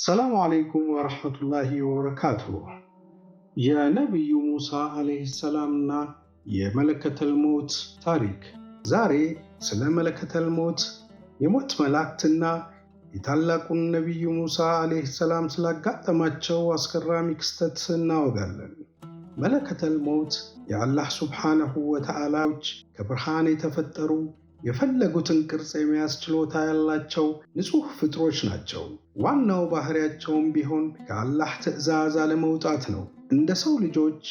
ሰላሙ አለይኩም ወረሐመቱላሂ ወበረካቱ። የነቢዩ ሙሳ ዓለይሂ ሰላምና የመለከተል ሞት ታሪክ። ዛሬ ስለ መለከተል ሞት፣ የሞት መላእክትና የታላቁን ነቢዩ ሙሳ ዓለይሂ ሰላም ስላጋጠማቸው አስገራሚ ክስተት እናወጋለን። መለከተል ሞት የአላህ ሱብሓነሁ ወተዓላዎች ከብርሃን የተፈጠሩ የፈለጉትን ቅርጽ የመያዝ ችሎታ ያላቸው ንጹሕ ፍጥሮች ናቸው። ዋናው ባሕሪያቸውም ቢሆን ከአላህ ትዕዛዝ አለመውጣት ነው። እንደ ሰው ልጆች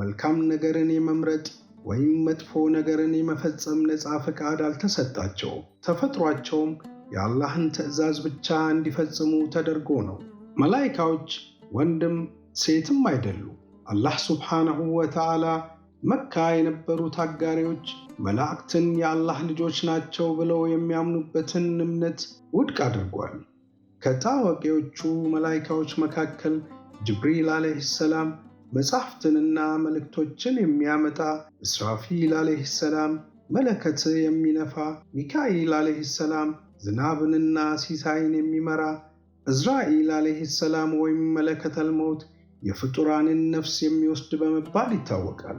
መልካም ነገርን የመምረጥ ወይም መጥፎ ነገርን የመፈጸም ነፃ ፈቃድ አልተሰጣቸውም። ተፈጥሯቸውም የአላህን ትዕዛዝ ብቻ እንዲፈጽሙ ተደርጎ ነው። መላይካዎች ወንድም ሴትም አይደሉ። አላህ ስብሓንሁ ወተዓላ መካ የነበሩ ታጋሪዎች መላእክትን የአላህ ልጆች ናቸው ብለው የሚያምኑበትን እምነት ውድቅ አድርጓል። ከታዋቂዎቹ መላይካዎች መካከል ጅብሪል አለህ ሰላም መጻሕፍትንና መልእክቶችን የሚያመጣ፣ እስራፊል አለህ ሰላም መለከት የሚነፋ፣ ሚካኤል አለህ ሰላም ዝናብንና ሲሳይን የሚመራ፣ እዝራኤል አለህ ሰላም ወይም መለከተል የፍጡራንን ነፍስ የሚወስድ በመባል ይታወቃል።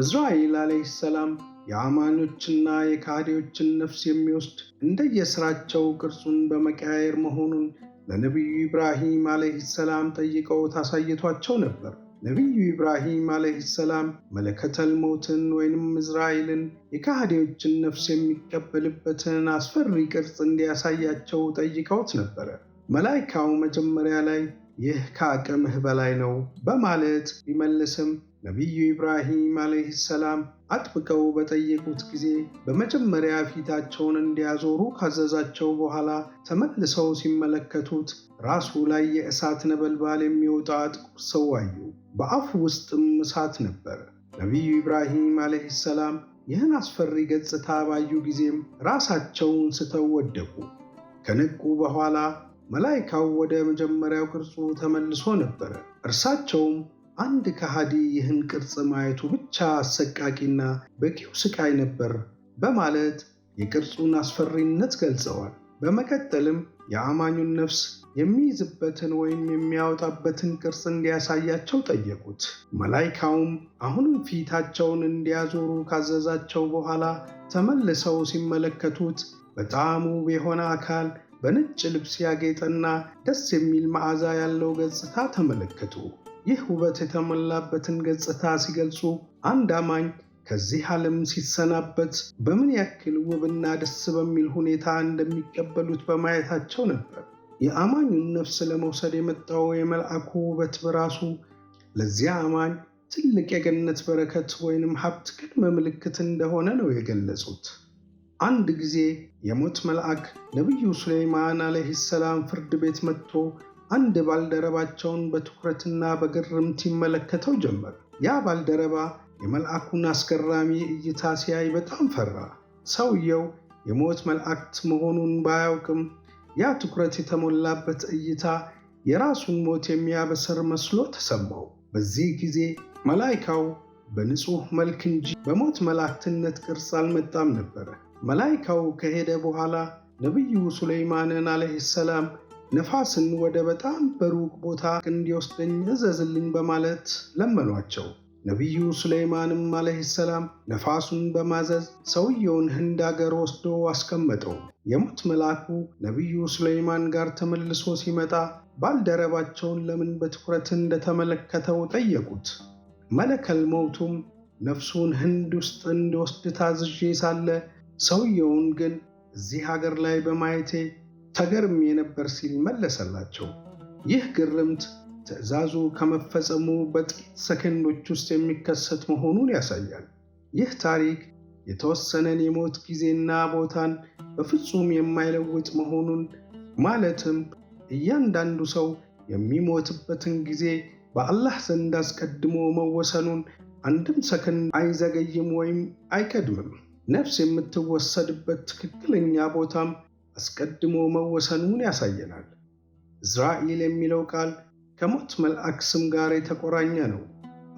እዝራኤል ዓለይሂ ሰላም የአማኞችና የካህዴዎችን ነፍስ የሚወስድ እንደየሥራቸው ቅርጹን በመቀያየር መሆኑን ለነቢዩ ኢብራሂም ዓለይሂ ሰላም ጠይቀው ታሳይቷቸው ነበር። ነቢዩ ኢብራሂም ዓለይሂ ሰላም መለከተል ሞትን ወይንም እዝራኤልን የካህዴዎችን ነፍስ የሚቀበልበትን አስፈሪ ቅርጽ እንዲያሳያቸው ጠይቀውት ነበረ። መላይካው መጀመሪያ ላይ ይህ ከአቅምህ በላይ ነው በማለት ቢመልስም ነቢዩ ኢብራሂም አለህ ሰላም አጥብቀው በጠየቁት ጊዜ በመጀመሪያ ፊታቸውን እንዲያዞሩ ካዘዛቸው በኋላ ተመልሰው ሲመለከቱት ራሱ ላይ የእሳት ነበልባል የሚወጣ ጥቁር ሰው አዩ። በአፉ ውስጥም እሳት ነበር። ነቢዩ ኢብራሂም አለህ ሰላም ይህን አስፈሪ ገጽታ ባዩ ጊዜም ራሳቸውን ስተው ወደቁ። ከንቁ በኋላ መላይካው ወደ መጀመሪያው ቅርጹ ተመልሶ ነበር። እርሳቸውም አንድ ከሃዲ ይህን ቅርጽ ማየቱ ብቻ አሰቃቂና በቂው ስቃይ ነበር በማለት የቅርጹን አስፈሪነት ገልጸዋል። በመቀጠልም የአማኙን ነፍስ የሚይዝበትን ወይም የሚያወጣበትን ቅርጽ እንዲያሳያቸው ጠየቁት። መላይካውም አሁንም ፊታቸውን እንዲያዞሩ ካዘዛቸው በኋላ ተመልሰው ሲመለከቱት በጣም ውብ የሆነ አካል በነጭ ልብስ ያጌጠና ደስ የሚል መዓዛ ያለው ገጽታ ተመለከቱ። ይህ ውበት የተሞላበትን ገጽታ ሲገልጹ አንድ አማኝ ከዚህ ዓለም ሲሰናበት በምን ያክል ውብና ደስ በሚል ሁኔታ እንደሚቀበሉት በማየታቸው ነበር። የአማኙን ነፍስ ለመውሰድ የመጣው የመልአኩ ውበት በራሱ ለዚያ አማኝ ትልቅ የገነት በረከት ወይንም ሀብት ቅድመ ምልክት እንደሆነ ነው የገለጹት። አንድ ጊዜ የሞት መልአክ ነቢዩ ሱሌይማን አለህ ሰላም ፍርድ ቤት መጥቶ አንድ ባልደረባቸውን በትኩረትና በግርምት ይመለከተው ጀመር። ያ ባልደረባ የመልአኩን አስገራሚ እይታ ሲያይ በጣም ፈራ። ሰውየው የሞት መልአክት መሆኑን ባያውቅም ያ ትኩረት የተሞላበት እይታ የራሱን ሞት የሚያበስር መስሎ ተሰማው። በዚህ ጊዜ መላይካው በንጹሕ መልክ እንጂ በሞት መላእክትነት ቅርጽ አልመጣም ነበረ። መላይካው ከሄደ በኋላ ነቢዩ ሱለይማንን አለህ ሰላም ነፋስን ወደ በጣም በሩቅ ቦታ እንዲወስደኝ እዘዝልኝ በማለት ለመኗቸው። ነቢዩ ሱለይማንም ዓለይሂ ሰላም ነፋሱን በማዘዝ ሰውየውን ህንድ አገር ወስዶ አስቀመጠው። የሙት መልአኩ ነቢዩ ሱለይማን ጋር ተመልሶ ሲመጣ ባልደረባቸውን ለምን በትኩረት እንደተመለከተው ጠየቁት። መለከል መውቱም ነፍሱን ህንድ ውስጥ እንዲወስድ ታዝዤ ሳለ ሰውየውን ግን እዚህ አገር ላይ በማየቴ ተገርሜ ነበር ሲል መለሰላቸው። ይህ ግርምት ትዕዛዙ ከመፈጸሙ በጥቂት ሰከንዶች ውስጥ የሚከሰት መሆኑን ያሳያል። ይህ ታሪክ የተወሰነን የሞት ጊዜና ቦታን በፍጹም የማይለውጥ መሆኑን ማለትም እያንዳንዱ ሰው የሚሞትበትን ጊዜ በአላህ ዘንድ አስቀድሞ መወሰኑን አንድም ሰከንድ አይዘገይም ወይም አይቀድምም። ነፍስ የምትወሰድበት ትክክለኛ ቦታም አስቀድሞ መወሰኑን ያሳየናል። እዝራኤል የሚለው ቃል ከሞት መልአክ ስም ጋር የተቆራኘ ነው።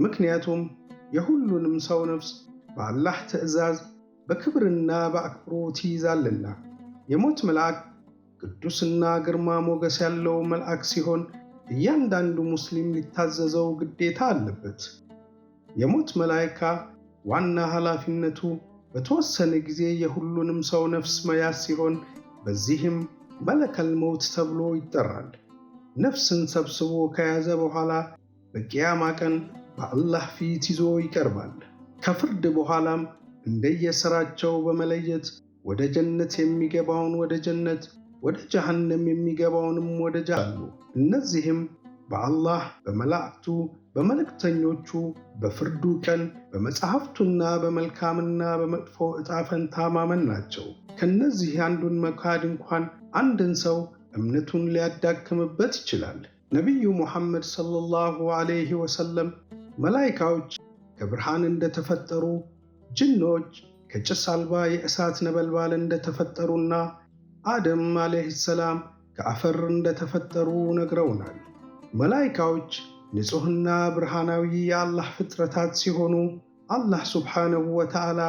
ምክንያቱም የሁሉንም ሰው ነፍስ በአላህ ትእዛዝ በክብርና በአክብሮት ይይዛልና። የሞት መልአክ ቅዱስና ግርማ ሞገስ ያለው መልአክ ሲሆን እያንዳንዱ ሙስሊም ሊታዘዘው ግዴታ አለበት። የሞት መላይካ ዋና ኃላፊነቱ በተወሰነ ጊዜ የሁሉንም ሰው ነፍስ መያዝ ሲሆን በዚህም መለከል መውት ተብሎ ይጠራል። ነፍስን ሰብስቦ ከያዘ በኋላ በቅያማ ቀን በአላህ ፊት ይዞ ይቀርባል። ከፍርድ በኋላም እንደየሥራቸው በመለየት ወደ ጀነት የሚገባውን ወደ ጀነት፣ ወደ ጀሃነም የሚገባውንም ወደ ጃሉ እነዚህም በአላህ በመላእክቱ በመልእክተኞቹ በፍርዱ ቀን በመጽሐፍቱና በመልካምና በመጥፎ ዕጣ ፈንታ ማመን ናቸው። ከእነዚህ አንዱን መካድ እንኳን አንድን ሰው እምነቱን ሊያዳክምበት ይችላል። ነቢዩ ሙሐመድ ሰለላሁ ዐለይሂ ወሰለም መላይካዎች ከብርሃን እንደተፈጠሩ፣ ጅኖች ከጭስ አልባ የእሳት ነበልባል እንደተፈጠሩና አደም ዐለይሂ ሰላም ከአፈር እንደተፈጠሩ ነግረውናል። መላይካዎች ንጹሕና ብርሃናዊ የአላህ ፍጥረታት ሲሆኑ አላህ ሱብሓነሁ ወተዓላ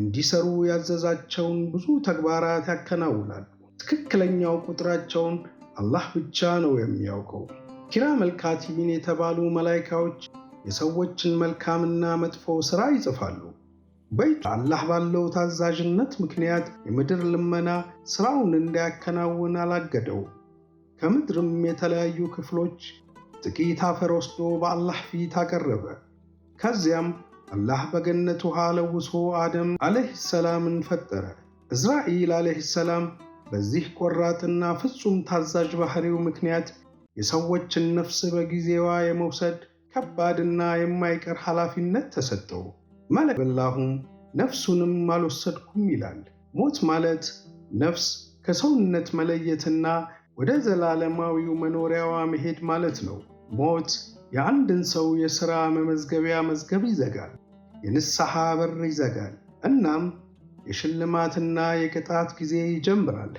እንዲሰሩ ያዘዛቸውን ብዙ ተግባራት ያከናውናሉ። ትክክለኛው ቁጥራቸውን አላህ ብቻ ነው የሚያውቀው። ኪራ ካቲቢን የተባሉ መላይካዎች የሰዎችን መልካምና መጥፎ ሥራ ይጽፋሉ። በይቱ አላህ ባለው ታዛዥነት ምክንያት የምድር ልመና ሥራውን እንዳያከናውን አላገደው። ከምድርም የተለያዩ ክፍሎች ጥቂት አፈር ወስዶ በአላህ ፊት አቀረበ። ከዚያም አላህ በገነት ውሃ ለውሶ አደም አለህ ሰላምን ፈጠረ። እዝራኢል አለህ ሰላም በዚህ ቆራጥና ፍጹም ታዛዥ ባህሪው ምክንያት የሰዎችን ነፍስ በጊዜዋ የመውሰድ ከባድና የማይቀር ኃላፊነት ተሰጠው። መለክ በላሁም ነፍሱንም አልወሰድኩም ይላል። ሞት ማለት ነፍስ ከሰውነት መለየትና ወደ ዘላለማዊው መኖሪያዋ መሄድ ማለት ነው። ሞት የአንድን ሰው የሥራ መመዝገቢያ መዝገብ ይዘጋል፣ የንስሐ በር ይዘጋል። እናም የሽልማትና የቅጣት ጊዜ ይጀምራል።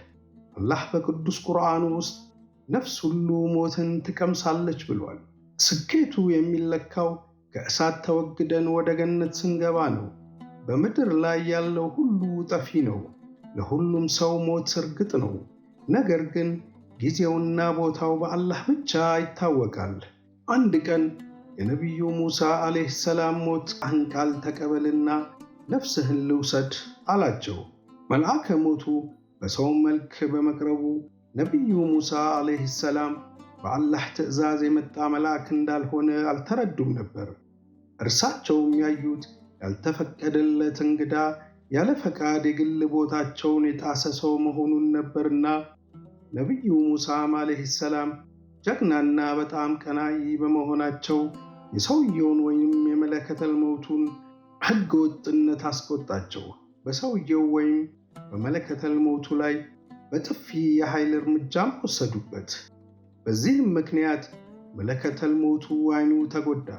አላህ በቅዱስ ቁርአኑ ውስጥ ነፍስ ሁሉ ሞትን ትቀምሳለች ብሏል። ስኬቱ የሚለካው ከእሳት ተወግደን ወደ ገነት ስንገባ ነው። በምድር ላይ ያለው ሁሉ ጠፊ ነው። ለሁሉም ሰው ሞት እርግጥ ነው። ነገር ግን ጊዜውና ቦታው በአላህ ብቻ ይታወቃል። አንድ ቀን የነቢዩ ሙሳ ዓለይህ ሰላም ሞት አንቃል ተቀበልና ነፍስህን ልውሰድ አላቸው። መልአከ ሞቱ በሰው መልክ በመቅረቡ ነቢዩ ሙሳ ዓለይህ ሰላም በአላህ ትእዛዝ የመጣ መልአክ እንዳልሆነ አልተረዱም ነበር። እርሳቸውም ያዩት ያልተፈቀደለት እንግዳ ያለ ፈቃድ የግል ቦታቸውን የጣሰ ሰው መሆኑን ነበርና ነቢዩ ሙሳም ዓለይሂ ሰላም ጀግናና በጣም ቀናይ በመሆናቸው የሰውየውን ወይም የመለከተል መውቱን ሕገ ወጥነት አስቆጣቸው። በሰውየው ወይም በመለከተል መውቱ ላይ በጥፊ የኃይል እርምጃም ወሰዱበት። በዚህም ምክንያት መለከተል መውቱ አይኑ ተጎዳ።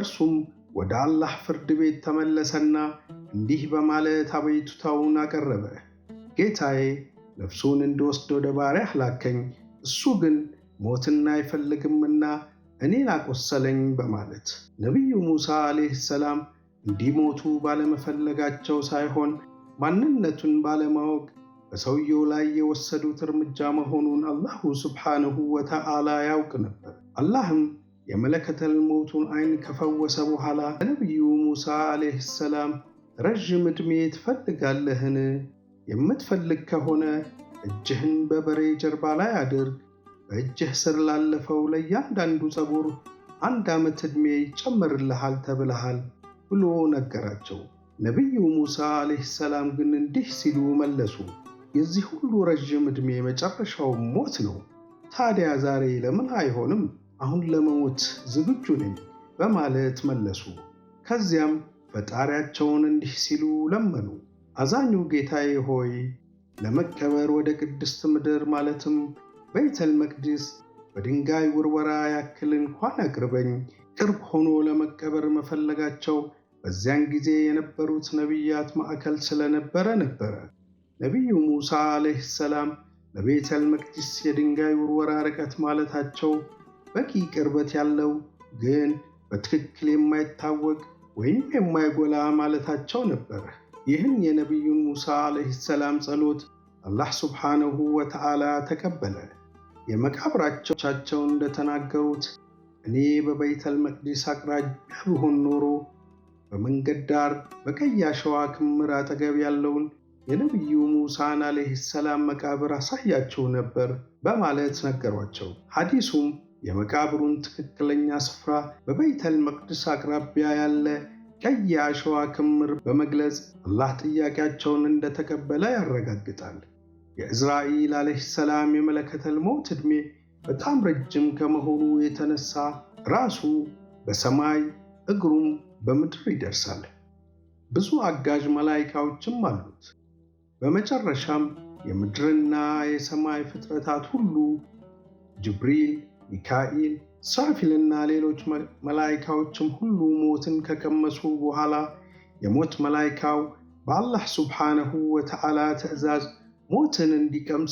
እርሱም ወደ አላህ ፍርድ ቤት ተመለሰና እንዲህ በማለት አበይቱታውን አቀረበ። ጌታዬ ነፍሱን እንድወስድ ወደ ባሪያህ ላከኝ፣ እሱ ግን ሞትን አይፈልግምና እኔን አቆሰለኝ በማለት ነቢዩ ሙሳ ዓለይህ ሰላም እንዲሞቱ ባለመፈለጋቸው ሳይሆን ማንነቱን ባለማወቅ በሰውየው ላይ የወሰዱት እርምጃ መሆኑን አላሁ ስብሓንሁ ወተዓላ ያውቅ ነበር። አላህም የመለከተል ሞቱን አይን ከፈወሰ በኋላ ለነቢዩ ሙሳ ዓለይህ ሰላም ረዥም ዕድሜ ትፈልጋለህን? የምትፈልግ ከሆነ እጅህን በበሬ ጀርባ ላይ አድርግ። በእጅህ ስር ላለፈው ለእያንዳንዱ ጸጉር አንድ ዓመት ዕድሜ ይጨመርልሃል ተብለሃል ብሎ ነገራቸው። ነቢዩ ሙሳ ዓለይሂ ሰላም ግን እንዲህ ሲሉ መለሱ፣ የዚህ ሁሉ ረዥም ዕድሜ መጨረሻው ሞት ነው። ታዲያ ዛሬ ለምን አይሆንም? አሁን ለመሞት ዝግጁ ነኝ በማለት መለሱ። ከዚያም ፈጣሪያቸውን እንዲህ ሲሉ ለመኑ አዛኙ ጌታዬ ሆይ ለመቀበር ወደ ቅድስት ምድር ማለትም በይተል መቅድስ በድንጋይ ውርወራ ያክል እንኳን አቅርበኝ። ቅርብ ሆኖ ለመቀበር መፈለጋቸው በዚያን ጊዜ የነበሩት ነቢያት ማዕከል ስለነበረ ነበረ። ነቢዩ ሙሳ አለህ ሰላም ለቤተል መቅዲስ የድንጋይ ውርወራ ርቀት ማለታቸው በቂ ቅርበት ያለው ግን በትክክል የማይታወቅ ወይም የማይጎላ ማለታቸው ነበረ። ይህን የነቢዩን ሙሳ ዓለይሂ ሰላም ጸሎት አላህ ስብሓንሁ ወተዓላ ተቀበለ። የመቃብራቸውን እንደተናገሩት እኔ በበይተል መቅዲስ አቅራቢያ ብሆን ኖሮ በመንገድ ዳር በቀይ አሸዋ ክምር አጠገብ ያለውን የነቢዩ ሙሳን ዓለይሂ ሰላም መቃብር አሳያቸው ነበር በማለት ነገሯቸው። ሐዲሱም የመቃብሩን ትክክለኛ ስፍራ በበይተል መቅዲስ አቅራቢያ ያለ ቀይ የአሸዋ ክምር በመግለጽ አላህ ጥያቄያቸውን እንደተቀበለ ያረጋግጣል። የእዝራኢል ዓለይሂ ሰላም የመለከተል ሞት ዕድሜ በጣም ረጅም ከመሆኑ የተነሳ ራሱ በሰማይ እግሩም በምድር ይደርሳል። ብዙ አጋዥ መላይካዎችም አሉት። በመጨረሻም የምድርና የሰማይ ፍጥረታት ሁሉ ጅብሪል፣ ሚካኤል ሳፊልና ሌሎች መላይካዎችም ሁሉ ሞትን ከቀመሱ በኋላ የሞት መላይካው በአላህ ስብሓነሁ ወተዓላ ትዕዛዝ ሞትን እንዲቀምስ